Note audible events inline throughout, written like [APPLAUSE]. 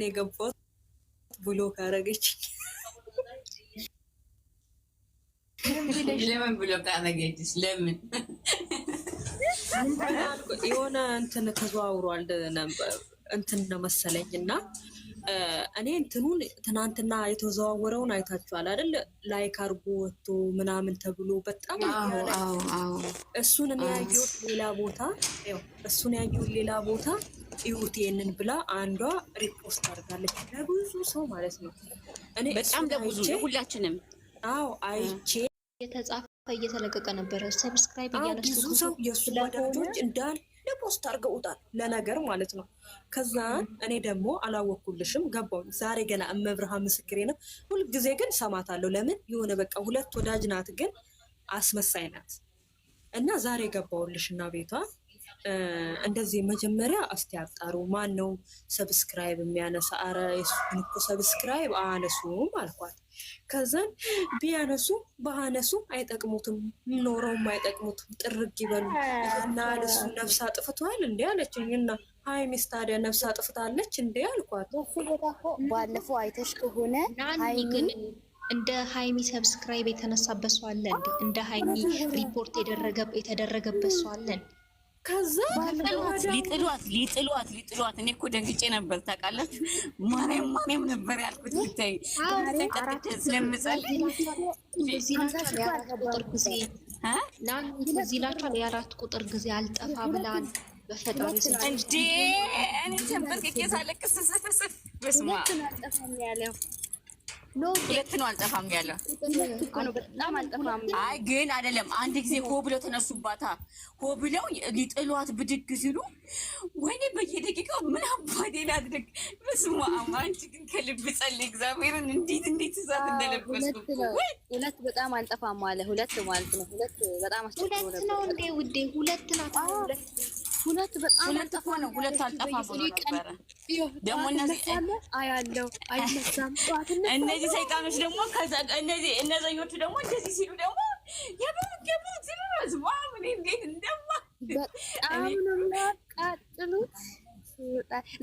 ነው የገባት ብሎ ካረገች ለምን ብሎ ካረገች ለምን የሆነ እንትን ተዘዋውሯል እንትን ነው መሰለኝ እና እኔ እንትኑን ትናንትና የተዘዋወረውን አይታችኋል አይደል? ላይክ አርጎ ወጥቶ ምናምን ተብሎ በጣም እሱን እኔ ያየሁት ሌላ ቦታ እሱን ያየሁት ሌላ ቦታ ይሁት ይሄንን ብላ አንዷ ሪፖስት አድርጋለች፣ ለብዙ ሰው ማለት ነው። እኔ በጣም ለብዙ ሁላችንም፣ አዎ አይቼ የተጻፈ እየተለቀቀ ነበረ። ሰብስክራይብ እያነሱ ብዙ ሰው የእሱ ወዳጆች እንዳል ፖስት አድርገውታል ለነገር ማለት ነው። ከዛ እኔ ደግሞ አላወኩልሽም ገባው ዛሬ ገና እመብርሃ ምስክሬ ነው። ሁልጊዜ ግን ሰማታለሁ። ለምን የሆነ በቃ ሁለት ወዳጅ ናት፣ ግን አስመሳይ ናት። እና ዛሬ ገባውልሽ እና ቤቷ እንደዚህ መጀመሪያ እስቲ አጣሩ፣ ማን ነው ሰብስክራይብ የሚያነሳ? አረ የሱን እኮ ሰብስክራይብ አነሱም አልኳት። ከዛን ቢያነሱ በአነሱ አይጠቅሙትም፣ ኖረውም አይጠቅሙትም፣ ጥርግ ይበሉ እና እሱ ነፍስ አጥፍቷል እንዲ አለችኝ። እና ሀይሚስ ታዲያ ነፍስ አጥፍታለች እንዲ አልኳት። ባለፈው አይተሽ ከሆነ እንደ ሀይሚ ሰብስክራይብ የተነሳበት ሰው አለ እንደ ሀይሚ ሪፖርት የተደረገበት ሰው አለን ከዛ ሊጥሏት ሊጥሏት ሊጥሏት እኔ እኮ ደንግጬ ነበር ታውቃላችሁ። ማርያም ማርያም ነበር ያልኩት። ብታይ ስለምጸልይ የአራት ቁጥር ጊዜ አልጠፋ ብላል። በፈጣሪ እንዴ እኔ ተንበርክኬ ሳለቅስ ስፍስፍ ሁለት ነው አልጠፋም ያለው። አይ ግን አይደለም። አንድ ጊዜ ሆ ብለው ተነሱባታ። ሆ ብለው ሊጥሏት ብድግ ሲሉ ወይኔ በየደቂቃው ምን አባዴን አድርግ። በስመ አንቺ ግን ከልብ ጸልይ እግዚአብሔርን። እንዴት እንዴት እሳት እንደለበሱ ሁለት በጣም አልጠፋም አለ። ሁለት ማለት ነው። ሁለት በጣም ሁለት ነው እንዴ ውዴ? ሁለት ናት። ሁለት በጣም አልጠፋ ነው። ሁለት አልጠፋ ብሎ ነበረ። ደግሞ አያለው አይነሳም። እነዚህ ሰይጣኖች ደግሞ እነዚህ እነዘኞቹ ደግሞ እንደዚህ ሲሉ ደግሞ የበሩት የበሩት ሲሉ ዝዋምን እንዴት እንደማ በጣም ነው የሚያቃጥሉት።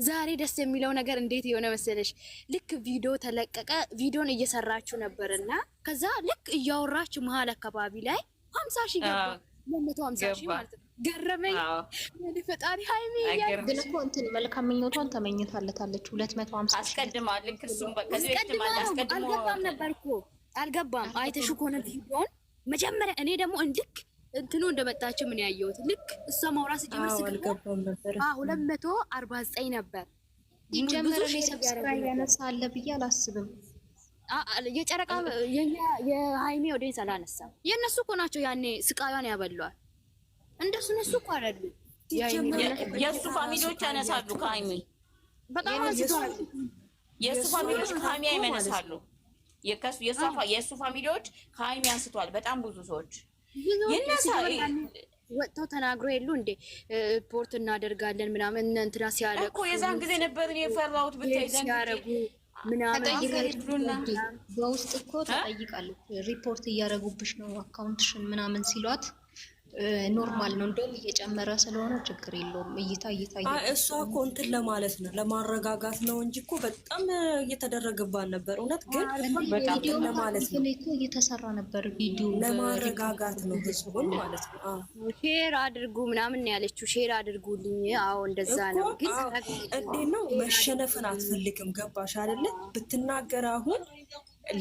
ዛሬ ደስ የሚለው ነገር እንዴት የሆነ መሰለሽ? ልክ ቪዲዮ ተለቀቀ። ቪዲዮን እየሰራችሁ ነበርና ከዛ ልክ እያወራችሁ መሀል አካባቢ ላይ ሀምሳ ሺህ ገባ ለመቶ ሀምሳ ሺህ ማለት ነው ገረመኝ። ወደ ፈጣሪ ሀይሚ ግን እኮ እንትን መልካም ምኞቷን ተመኝታለታለች። ሁለት መቶ ሀምሳ አስቀድማ ልክ እሱም አልገባም ነበር እኮ አልገባም። አይተሽ ከሆነ ቪዲዮን መጀመሪያ እኔ ደግሞ እንድክ እንትኑ እንደመጣችው ምን ያየሁት ልክ እሷ ማውራት ስጀምር ስገባ ሁለት መቶ አርባ ዘጠኝ ነበር። ይጀምር ሰብስክራይብ ያነሳ አለ ብዬ አላስብም። የጨረቃ የሀይሜ ወደ ሰላ አነሳ የእነሱ እኮ ናቸው ያኔ ስቃዩን ያበሏል እንደሱ ነሱ እኮ አይደሉም። የእሱ ፋሚሊዎች ያነሳሉ ከሀይሚ በጣም የእሱ ፋሚሊዎች ከሀይሚ ያነሳሉ። የእሱ ፋሚሊዎች ከሀይሚ አንስተዋል። በጣም ብዙ ሰዎች ይነሳ ወጥተው ተናግሮ የሉ እንዴ ፖርት እናደርጋለን ምናምን እንትና ሲያደርጉ እኮ የዛን ጊዜ ነበር የፈራሁት ብታይ ሲያደርጉ በውስጥ እኮ ተጠይቃለች። ሪፖርት እያደረጉብሽ ነው አካውንትሽን ምናምን ሲሏት ኖርማል ነው። እንደውም እየጨመረ ስለሆነ ችግር የለውም። እይታ እይታ እሷ እኮ እንትን ለማለት ነው ለማረጋጋት ነው እንጂ እኮ በጣም እየተደረገባን ነበር። እውነት ግን በጣም ለማለት ነው እየተሰራ ነበር። ቪዲዮ ለማረጋጋት ነው ህዝቡን ማለት ነው። ሼር አድርጉ ምናምን ያለችው ሼር አድርጉልኝ። አዎ እንደዛ ነው። ግን እንዴት ነው መሸነፍን አትፈልግም። ገባሽ አይደለ? ብትናገር አሁን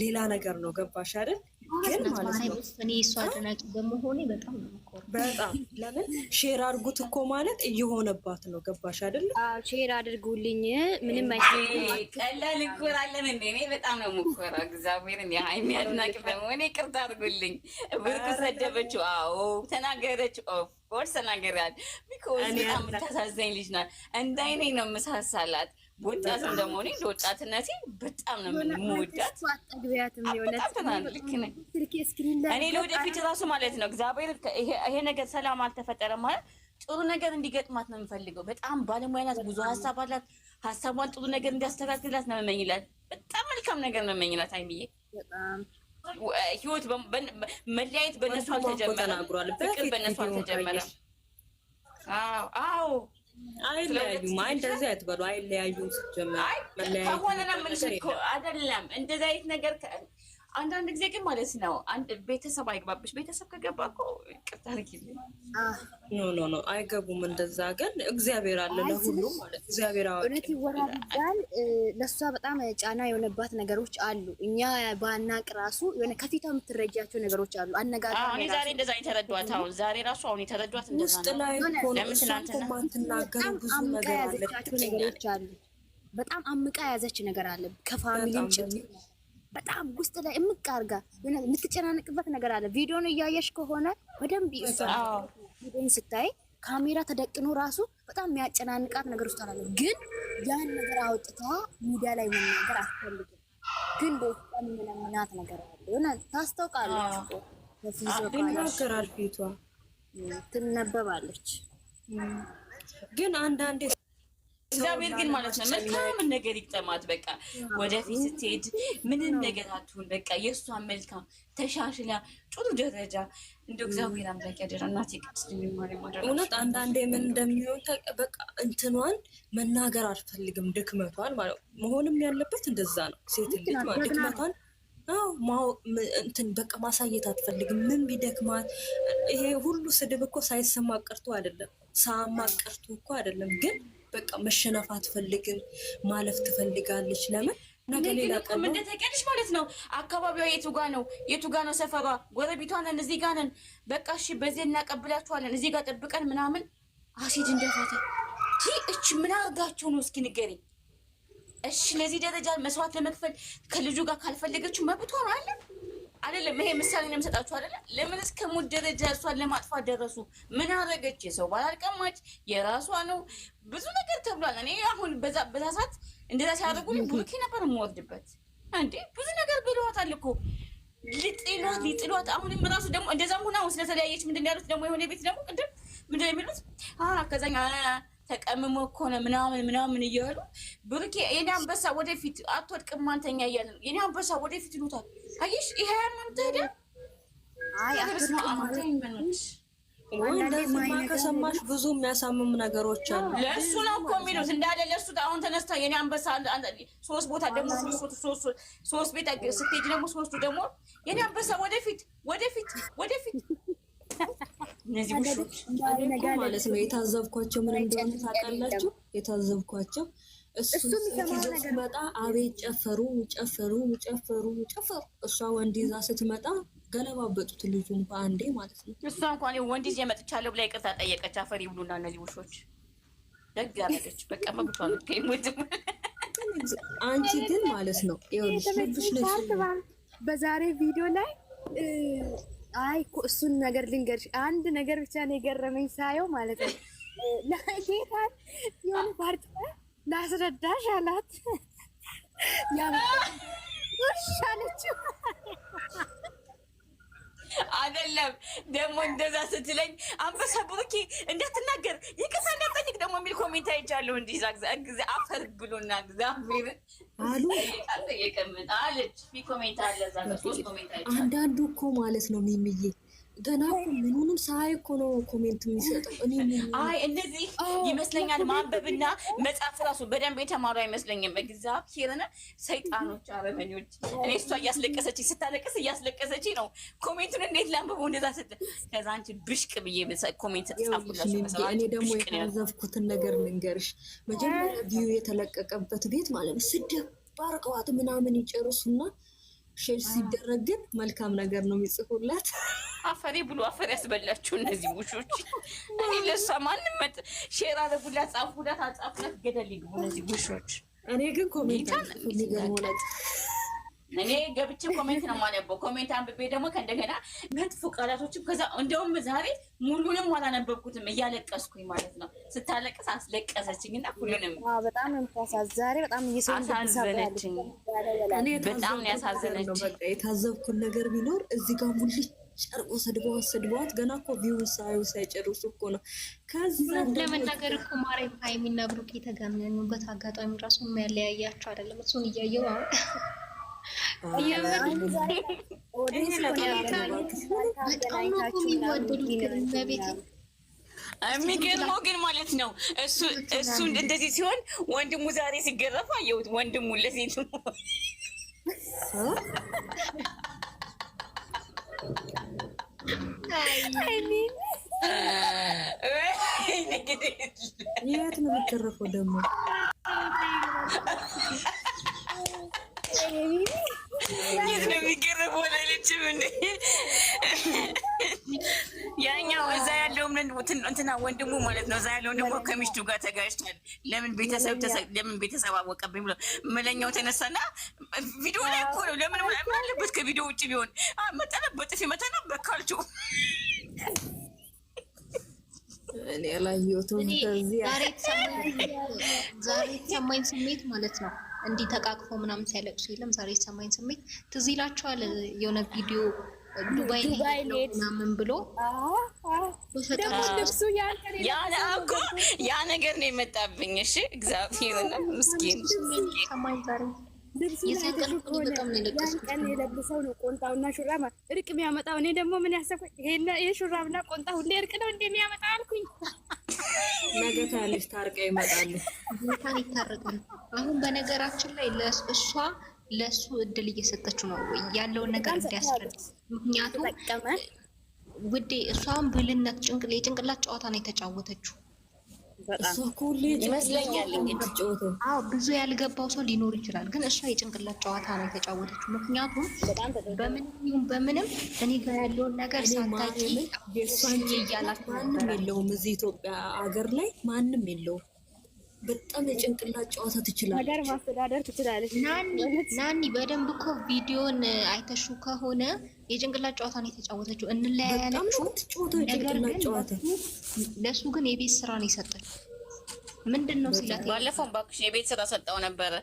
ሌላ ነገር ነው። ገባሽ አይደል? ግን ማለት ነው እኔ እሷ አድናቂ በመሆኔ በጣም ነው በጣም ለምን ሼር አድርጉት እኮ ማለት እየሆነባት ነው። ገባሽ አይደለ? ሼር አድርጉልኝ። ምንም ቀላል እንኮራለን እንደ እኔ በጣም ነው የምኮራው። እግዚአብሔርን የሚያድናቅ ደግሞ እኔ ቅርታ አድርጉልኝ። ብርቱ ሰደበችው። አዎ ተናገረች ኦፍ ኦፍኮርስ ተናግሬያለሁ። ቢኮዝ በጣም የምታሳዘኝ ልጅ ናት። እንደ አይኔ ነው የምሳሳላት። ወጣት እንደመሆኔ ለወጣትነቴ በጣም ነው የምወዳት። እኔ ለወደፊት እራሱ ማለት ነው እግዚአብሔር ይሄ ነገር ሰላም አልተፈጠረም ማለት ጥሩ ነገር እንዲገጥማት ነው የምፈልገው። በጣም ባለሙያ ናት፣ ብዙ ሀሳብ አላት። ሀሳቧን ጥሩ ነገር እንዲያስተካክልላት ነው የምመኝላት። በጣም መልካም ነገር ነው የምመኝላት አይምዬ ህይወት መለያየት በነሱ አልተጀመረም፣ ፍቅር በነሱ አልተጀመረም። አዎ አይለያዩም። አይ እንደዚህ አትበሉ። አይለያዩም። ሲጀመር ከሆነ ነው የምልሽ እኮ አይደለም እንደዚህ አይነት ነገር አንዳንድ ጊዜ ግን ማለት ነው አንድ ቤተሰብ አይግባብሽ። ቤተሰብ ከገባ እኮ ይቅርታ ኖ ኖ ኖ አይገቡም። እንደዛ ግን እግዚአብሔር አለ ለሁሉ ማለት እግዚአብሔር አዋቂ እውነት ይወራል። ለእሷ በጣም ጫና የሆነባት ነገሮች አሉ። እኛ ባናቅ ራሱ የሆነ ከፊቷ የምትረጃቸው ነገሮች አሉ። አነጋጋሪ ዛሬ እንደዛ የተረዷት አሁን ዛሬ ራሱ አሁን የተረዷት ውስጥ ላይ ለምን ብዙ ነገር አለ። ነገሮች አሉ። በጣም አምቃ የያዘች ነገር አለ ከፋሚሊም ጭምር በጣም ውስጥ ላይ የምቃርጋ የምትጨናንቅበት ነገር አለ። ቪዲዮን እያየሽ ከሆነ በደንብ ቪዲዮን ስታይ ካሜራ ተደቅኖ ራሱ በጣም የሚያጨናንቃት ነገር ውስጥ አላለ። ግን ያን ነገር አውጥታ ሚዲያ ላይ መናገር አትፈልግም። ግን በውስጣ የሚለምናት ነገር አለ። ታስታውቃለች፣ ትነበባለች። ግን አንዳንዴ እግዚአብሔር ግን ማለት ነው መልካም ነገር ይቅጠማት። በቃ ወደፊት ስትሄድ ምንም ነገር አትሁን። በቃ የእሷን መልካም ተሻሽላ ጥሩ ደረጃ እንደ እግዚአብሔር አምላክ ያደራ እናት ቅድስት ድንግል ማርያም እውነት አንዳንዴ ምን እንደሚሆን በቃ እንትኗን መናገር አልፈልግም። ድክመቷን ማለት መሆንም ያለበት እንደዛ ነው። ሴት ልጅ ድክመቷን እንትን በቃ ማሳየት አትፈልግም። ምን ቢደክማት ይሄ ሁሉ ስድብ እኮ ሳይሰማ ቀርቶ አይደለም፣ ሳማ ቀርቶ እኮ አይደለም ግን በቃ መሸነፍ አትፈልግም፣ ማለፍ ትፈልጋለች። ለምን ነገ ሌላ ቀን ማለት ነው። አካባቢዋ የቱ ጋ ነው? የቱ ጋ ነው ሰፈሯ? ጎረቤቷንን እዚህ ጋ ነን፣ በቃ እሺ፣ በዚህ እናቀብላችኋለን፣ እዚህ ጋ ጠብቀን ምናምን አሲድ እንደፋተ ይህ እች ምን አርጋችሁ ነው እስኪ ንገሪኝ። እሺ ለዚህ ደረጃ መስዋዕት ለመክፈል ከልጁ ጋር ካልፈለገችው መብቷ ነው አለ አይደለም ይሄ ምሳሌ ነው የምሰጣችሁ። አይደለ ለምን እስከ ሞት ደረጃ እሷን ለማጥፋት ደረሱ? ምን አደረገች? የሰው ባል አልቀማች፣ የራሷ ነው ብዙ ነገር ተብሏል። እኔ አሁን በዛ ሰዓት እንደዛ ሲያደርጉ ቡሩኬ ነበር የምወርድበት። እንዴ ብዙ ነገር ብለዋታል እኮ ሊጥሏት ሊጥሏት። አሁንም ራሱ ደግሞ እንደዛም ሆነ አሁን ስለተለያየች ምንድን ያሉት ደግሞ የሆነ ቤት ደግሞ ቅድም ምንድን የሚሉት ከዛኛ ተቀምሞ እኮ ነው ምናምን ምናምን እያሉ ብሩኬ የኔ አንበሳ ወደፊት አትወድቅም፣ ማንተኛ እያለ ነው። የኔ አንበሳ ወደፊት ይሉታል። አየሽ ይሄ ሃይማኖት አይደል? አይ ከሰማሽ ብዙ የሚያሳምም ነገሮች አሉ። ለእሱ ነው እኮ የሚሉት እንዳለ ለእሱ አሁን ተነስታ የኔ አንበሳ ሶስት ቦታ ደግሞ ሶስት ቤት ስትሄጂ ደግሞ ሶስቱ ደግሞ የኔ አንበሳ ወደፊት ወደፊት ወደፊት እነዚህ ውሾች ማለት ነው የታዘብኳቸው። ምን እንደሆነ ታውቃላችሁ? የታዘብኳቸው እሱ ይዞ አቤት ጨፈሩ ጨፈሩ ጨፈሩ ጨፈሩ። እሷ ወንድ ይዛ ስትመጣ ገለባበጡት ልጁን በአንዴ ማለት ነው። እሷ እንኳን ወንድ ይዤ መጥቻለሁ ብላ ይቅርታ ጠየቀች። አፈር ይብሉና እነዚህ ውሾች። ደግ ያደረገች በቃ መብቷ ነው። ከይሞትም [LAUGHS] አንቺ ግን ማለት ነው ይኸውልሽ ልብሽ ልብሽ በዛሬ ቪዲዮ ላይ አይ እኮ እሱን ነገር ልንገርሽ፣ አንድ ነገር ብቻ ነው የገረመኝ ሳየው ማለት ነው። ጌታን የሆነ ፓርት ላስረዳሽ አላት። ያሽ አለችው አይደለም ደግሞ እንደዛ ስትለኝ አንበሳ ብሩኬ እንዳትናገር ይቅርታ እንዳትጠይቅ ደግሞ የሚል ኮሜንት አይቻለሁ። እንዲዛ ጊዜ አፈር ብሎና እግዚአብሔርን አሉ አንዳንዱ እኮ ማለት ነው ሚሚዬ ገና ምኑንም ሳይ እኮ ነው ኮሜንት የሚሰጠው። አይ እንደዚህ ይመስለኛል ማንበብና መጽሐፍ ራሱ በደንብ የተማሩ አይመስለኝም። እግዚአብሔርን ሰይጣኖች፣ አረመኞች። እኔ እሷ እያስለቀሰች ስታለቀስ እያስለቀሰች ነው። ኮሜንቱን እንዴት ላንብበው? እንደዛ ስት ከዛ አንቺ ብሽቅ ብዬ ኮሜንት ጻፍኩላእኔ ደግሞ የታዘብኩትን ነገር ልንገርሽ። መጀመሪያ ቪዩ የተለቀቀበት ቤት ማለት ነው ስደብ ባርቀዋት ምናምን ይጨርሱና ሼር ሲደረግ ግን መልካም ነገር ነው የሚጽፉላት። አፈሬ ብሎ አፈር ያስበላችሁ እነዚህ ውሾች። [LAUGHS] እኔ ለሷ ማንም ሼር አደረጉላት፣ ጻፉላት፣ አጻፉላት ገደል ይግቡ እነዚህ ውሾች። እኔ ግን ኮሜንት የሚገርመው እኔ ገብቼ ኮሜንት ነው የማነበው። ኮሜንት አንብቤ ደግሞ ከእንደገና መጥፎ ቃላቶችም ከዛ እንደውም ዛሬ ሙሉንም አላነበብኩትም እያለቀስኩኝ ማለት ነው። ስታለቀስ አስለቀሰችኝ እና ሁሉንም አሳዘነችኝ። በጣም ነው ያሳዘነችኝ። የታዘብኩን ነገር ቢኖር እዚህ ጋር ሙልጭ ጨርቆ ሰድበዋት ሰድበዋት ገና እኮ ቪው ሳዩ ሳይጨርሱ እኮ ነው። ከዚያ ለመናገር እኮ ማሬ ሀይሚና ብሩክ የተጋነኑበት አጋጣሚ ራሱ የሚያለያያቸው አይደለም። እሱን እያየው አሁን የሚገርመው ግን ማለት ነው እሱ እንደዚህ ሲሆን ወንድሙ ዛሬ ሲገረፍ አየሁት። ወንድሙ ለዚህ የት ነው የሚገረፈው ደግሞ? የት ነው የሚገረፈው? አላለችም እንዴ? ያኛው እዛ ያለው እንትና ወንድሙ ማለት ነው። እዛ ያለው ደግሞ ከሚስቱ ጋር ተጋጭቷል። ለምን ቤተሰብ ለምን ቤተሰብ አወቀብኝ ብሎ መለኛው ተነሳና ቪዲዮ ላይ እኮ ነው። ለምን አለበት ከቪዲዮ ውጭ ቢሆን መጠነ በጥፊ መተና በካልቾ እኔ ላይ ዛሬ የተሰማኝ ስሜት ማለት ነው እንዲህ ተቃቅፎ ምናምን ሲያለቅሱ የለም። ዛሬ የሰማኝ ስሜት ትዝ ይላቸዋል። የሆነ ቪዲዮ ዱባይ ምናምን ብሎ ያ ነገር ነው የመጣብኝ። እሺ እግዚአብሔር ምስኪን ሰማኝ ዛሬ ቀን የለብሰው ነው ቆንጣውና ሹራብ እርቅ የሚያመጣው። እኔ ደግሞ ምን ያሰብኩት ይሄ ሹራብና ቆንጣ ሁሌ እርቅ ነው እንደሚያመጣ አልኩኝ። ነገ ታያለሽ፣ ታርቀ ይመጣሉ። ታን ይታረቃል። አሁን በነገራችን ላይ እሷ ለእሱ እድል እየሰጠችው ነው ያለውን ነገር እንዲያስረዳ። ምክንያቱም ውዴ እሷን ብልነት የጭንቅላት ጨዋታ ነው የተጫወተችው ይመስለኛል እንግዲህ ብዙ ያልገባው ሰው ሊኖር ይችላል፣ ግን እሷ የጭንቅላት ጨዋታ ነው የተጫወተችው። ምክንያቱም በምንም በምንም እኔ ጋር ያለውን ነገር ሳታቂ እያላት ማንም የለውም እዚህ ኢትዮጵያ ሀገር ላይ ማንም የለውም። በጣም የጭንቅላት ጨዋታ ትችላለች፣ ሀገር ማስተዳደር ትችላለች። ናኒ ናኒ በደንብ እኮ ቪዲዮን አይተሹ ከሆነ የጭንቅላት ጨዋታ ነው የተጫወተችው። እንለያያለችው ጨዋታ ለእሱ ግን የቤት ስራ ነው የሰጠችው። ምንድን ነው ሲላት ባለፈው እባክሽ የቤት ስራ ሰጠው ነበረ።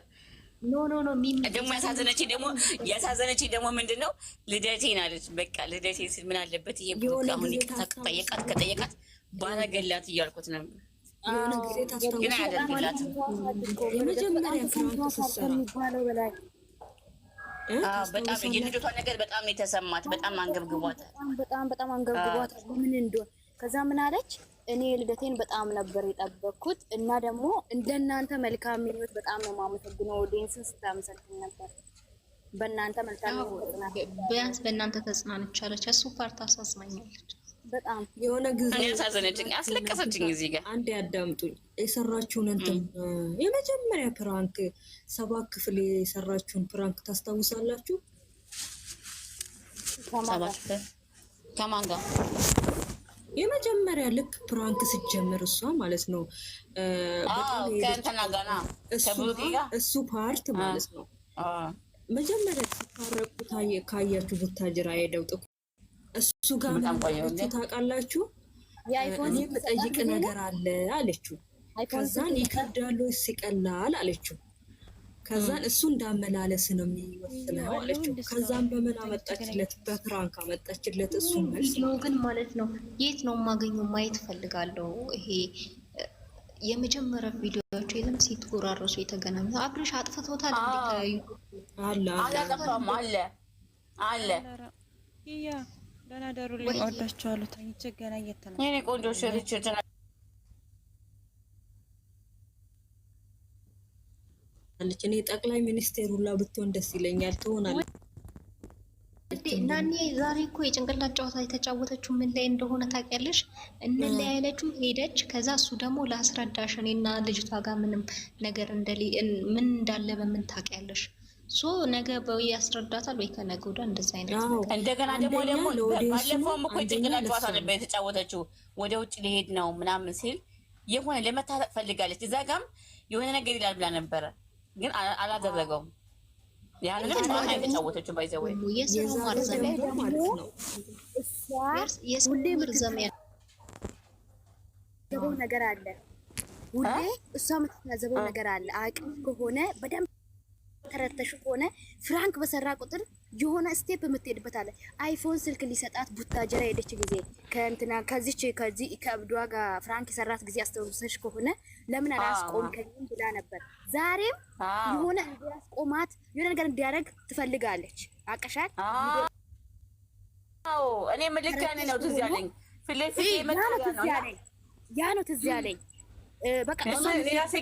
ኖ ኖ ኖ ደግሞ ያሳዘነች ደግሞ ያሳዘነች ደግሞ ምንድን ነው ልደቴን አለች። በቃ ልደቴን ስል ምን አለበት ይሄ ብሎ ከጠየቃት ከጠየቃት ባረገላት እያልኩት ነበር የሆነ ጊዜ በጣም የልጅቷ ነገር በጣም የተሰማት በጣም አንገብግቧታል። በጣም በጣም አንገብግቧታል። ምን እንደሆነ ከዛ ምን አለች? እኔ ልደቴን በጣም ነበር የጠበቅኩት እና ደግሞ እንደናንተ መልካም በጣም ነው የማመሰግነው። ስታመሰግን ነበር። በእናንተ መልካም ቢያንስ በእናንተ ተጽናንቻለች። እሱ ፓርት አሳዝናኛለች። በጣም የሆነ ጊዜ ያሳዘነችኝ አስለቀሰችኝ። እዚህ ጋር የሰራችሁን እንትን የመጀመሪያ ፕራንክ ሰባት ክፍል የሰራችሁን ፕራንክ ታስታውሳላችሁ? ከማን ጋር የመጀመሪያ ልክ ፕራንክ ስትጀምር እሷ ማለት ነው እሱ ፓርት ማለት ነው መጀመሪያ ሲታረቁ ካያችሁ ቡታጅራ ሄደው እሱ ጋር ታውቃላችሁ፣ እኔ የምጠይቅ ነገር አለ አለችው። ከዛን ይከብዳሉ ይስቀላል አለችው። ከዛን እሱ እንዳመላለስ ነው የሚወስነው አለችው። ከዛን በምን አመጣችለት? በፍራንክ አመጣችለት። እሱ ነው ግን ማለት ነው። የት ነው የማገኘው? ማየት ፈልጋለሁ። ይሄ የመጀመሪያ ቪዲዮቸው የለም ሲትጎራረሱ የተገናኙ አብርሽ አጥፍቶታል። እንደተያዩ አለ አለ አለ ደህና ደሩልኝ። እወዳችኋለሁ። ተኝቼ ገና እየተናገርኩ የእኔ ቆንጆ ሸሪችትና ትሆናለች እኔ ጠቅላይ ሚኒስቴሩ ላ ብትሆን ደስ ይለኛል። ትሆናለች። ናኔ ዛሬ እኮ የጭንቅላት ጨዋታ የተጫወተችው ምን ላይ እንደሆነ ታውቂያለሽ? እንለያ ያለችው ሄደች። ከዛ እሱ ደግሞ ለአስረዳሽ እኔና ልጅቷ ጋር ምንም ነገር ምን እንዳለ በምን ታውቂያለሽ ሶ ነገ በው ያስረዳታል ወይ ከነገ ወዲያ እንደዚህ አይነት እንደገና ደግሞ ደግሞ ባለፈውም እኮ ጭንቅላት ጨዋታ ነበር የተጫወተችው። ወደ ውጭ ሊሄድ ነው ምናምን ሲል የሆነ ለመታረቅ ፈልጋለች። እዛ ጋም የሆነ ነገር ይላል ብላ ነበረ፣ ግን አላደረገውም። ያንንም ጨዋታ ነገር አለ ሁሌ እሷ የምትናዘበው ነገር አለ። አቅም ከሆነ በደንብ ተረተሽ ከሆነ ፍራንክ በሰራ ቁጥር የሆነ ስቴፕ የምትሄድበት አለ። አይፎን ስልክ ሊሰጣት ቡታጀራ ሄደች ጊዜ ከእንትና ከዚች ከዚህ ከእብዷ ጋር ፍራንክ የሰራት ጊዜ አስተውሰሽ ከሆነ ለምን አላስቆምከኝም ብላ ነበር። ዛሬም የሆነ እንዲያስቆማት የሆነ ነገር እንዲያደርግ ትፈልጋለች። አቀሻል። እኔ ምልክ ያኔ ነው ትዝ ያለኝ፣ ያ ነው ትዝ ያለኝ በቃ ራሴ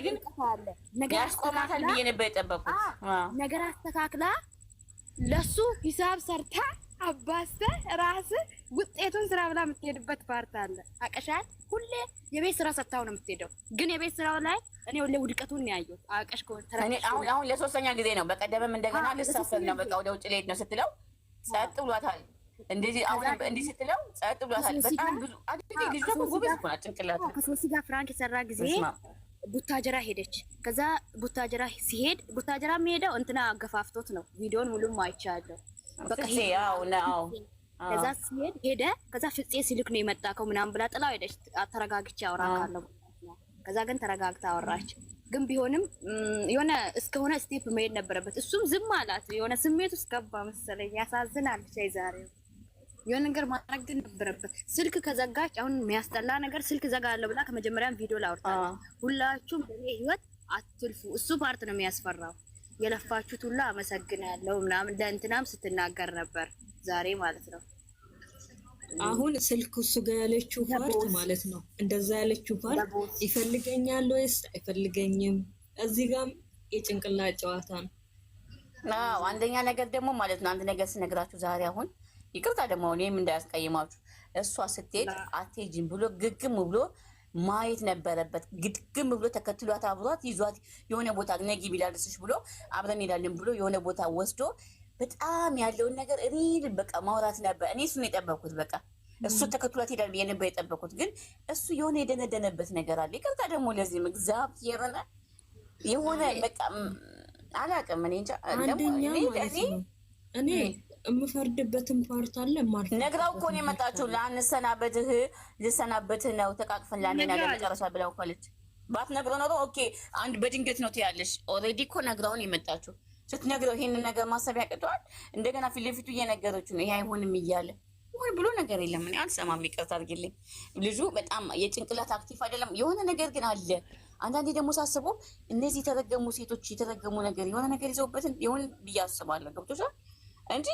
ነገር አስተካክላ ለሱ ሂሳብ ሰርታ አባስተ ራስ ውጤቱን ስራ ብላ የምትሄድበት ፓርት አለ። አቀሻል ሁሌ የቤት ስራ ሰታው ነው የምትሄደው፣ ግን የቤት ስራው ላይ እኔ ሁሌ ውድቀቱን ያየው አቀሽ አሁን ለሶስተኛ ጊዜ ነው። በቀደምም እንደገና ልሳፈል ነው በቃ ወደ ውጭ ልሄድ ነው ስትለው ጸጥ ብሏታል። እንደዚህ አሁን እንዲህ ስትለው ጸጥ ብሏታል። በጣም ብዙ አድርገ ልጅ ደግሞ ጎበዝ ሆና ጭንቅላት ከሶሲ ጋር ፍራንክ የሰራ ጊዜ ቡታጀራ ሄደች። ከዛ ቡታጀራ ሲሄድ ቡታጀራ የሚሄደው እንትና አገፋፍቶት ነው። ቪዲዮን ሙሉም አይቻለሁ። ከዛ ሲሄድ ሄደ። ከዛ ፍፄ ሲልክ ነው የመጣ ምናምን ብላ ጥላው ሄደች። ተረጋግቼ አውራ ካለው ከዛ ግን ተረጋግታ አወራች። ግን ቢሆንም የሆነ እስከሆነ ስቴፕ መሄድ ነበረበት። እሱም ዝም አላት። የሆነ ስሜት ውስጥ ገባ መሰለኝ። ያሳዝናል። ብቻ የዛሬው የሆነ ነገር ማድረግ ግን ነበረበት። ስልክ ከዘጋች አሁን የሚያስጠላ ነገር ስልክ ዘጋ ያለው ብላ ከመጀመሪያም ቪዲዮ ላውርታለች። ሁላችሁም በኔ ህይወት አትልፉ። እሱ ፓርት ነው የሚያስፈራው። የለፋችሁት ሁላ አመሰግናለሁ ምናምን ለእንትናም ስትናገር ነበር ዛሬ ማለት ነው። አሁን ስልክ እሱ ጋ ያለችው ፓርት ማለት ነው። እንደዛ ያለችው ፓርት ይፈልገኛል ወይስ አይፈልገኝም? እዚህ ጋም የጭንቅላት ጨዋታ ነው። አዎ አንደኛ ነገር ደግሞ ማለት ነው። አንድ ነገር ስነግራችሁ ዛሬ አሁን ይቅርታ ደግሞ እኔም እንዳያስቀይማችሁ እሷ ስትሄድ አትሄጂም ብሎ ግግም ብሎ ማየት ነበረበት። ግድግም ብሎ ተከትሏት አብሯት ይዟት የሆነ ቦታ ነጊ ቢላልስሽ ብሎ አብረን እንሄዳለን ብሎ የሆነ ቦታ ወስዶ በጣም ያለውን ነገር ሪል በቃ ማውራት ነበር። እኔ እሱን የጠበኩት በቃ እሱ ተከትሏት ሄዳል ብዬ ነበር የጠበኩት። ግን እሱ የሆነ የደነደነበት ነገር አለ። ይቅርታ ደግሞ ለዚህም እግዚአብሔርን የሆነ በቃ አላውቅም እኔ እንጃ እኔ የምፈርድበትን ፓርት አለ ማለት ነግራው እኮ ነው የመጣችው። ላንሰናበትህ ልሰናበትህ ነው ተቃቅፈን ላንና ለመጨረሻ ብለው ባት ባትነግረው ኖሮ ኦኬ፣ አንድ በድንገት ነው ትያለሽ። ኦልሬዲ እኮ ነግራውን የመጣችው ስትነግረው ይሄንን ነገር ማሰብ ያቅተዋል። እንደገና ፊት ለፊቱ እየነገረችው ነው ይሄ አይሆንም እያለ ወይ ብሎ ነገር የለም። እኔ አልሰማም፣ ይቅርታ አድርግልኝ። ልጁ በጣም የጭንቅላት አክቲፍ አይደለም። የሆነ ነገር ግን አለ። አንዳንዴ ደግሞ ሳስበው እነዚህ የተረገሙ ሴቶች የተረገሙ ነገር የሆነ ነገር ይዘውበትን የሆነ ብዬ አስባለሁ። ገብቶሻል እንጂ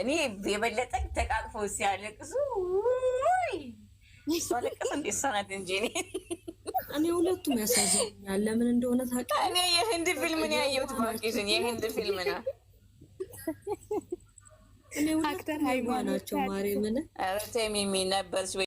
እኔ የበለጠ ተቃቅፎ ሲያለቅሱ ሳለቅስ እንደ እንጂ እኔ ሁለቱም ያሳዝኛል። ለምን እንደሆነ ታውቂያለሽ? እኔ የህንድ ፊልም ነው ያየሁት። እባክሽን የህንድ ፊልም ነው። እኔ ሁለቱም ናቸው ማርያምን ኧረ ተይ ሚሚ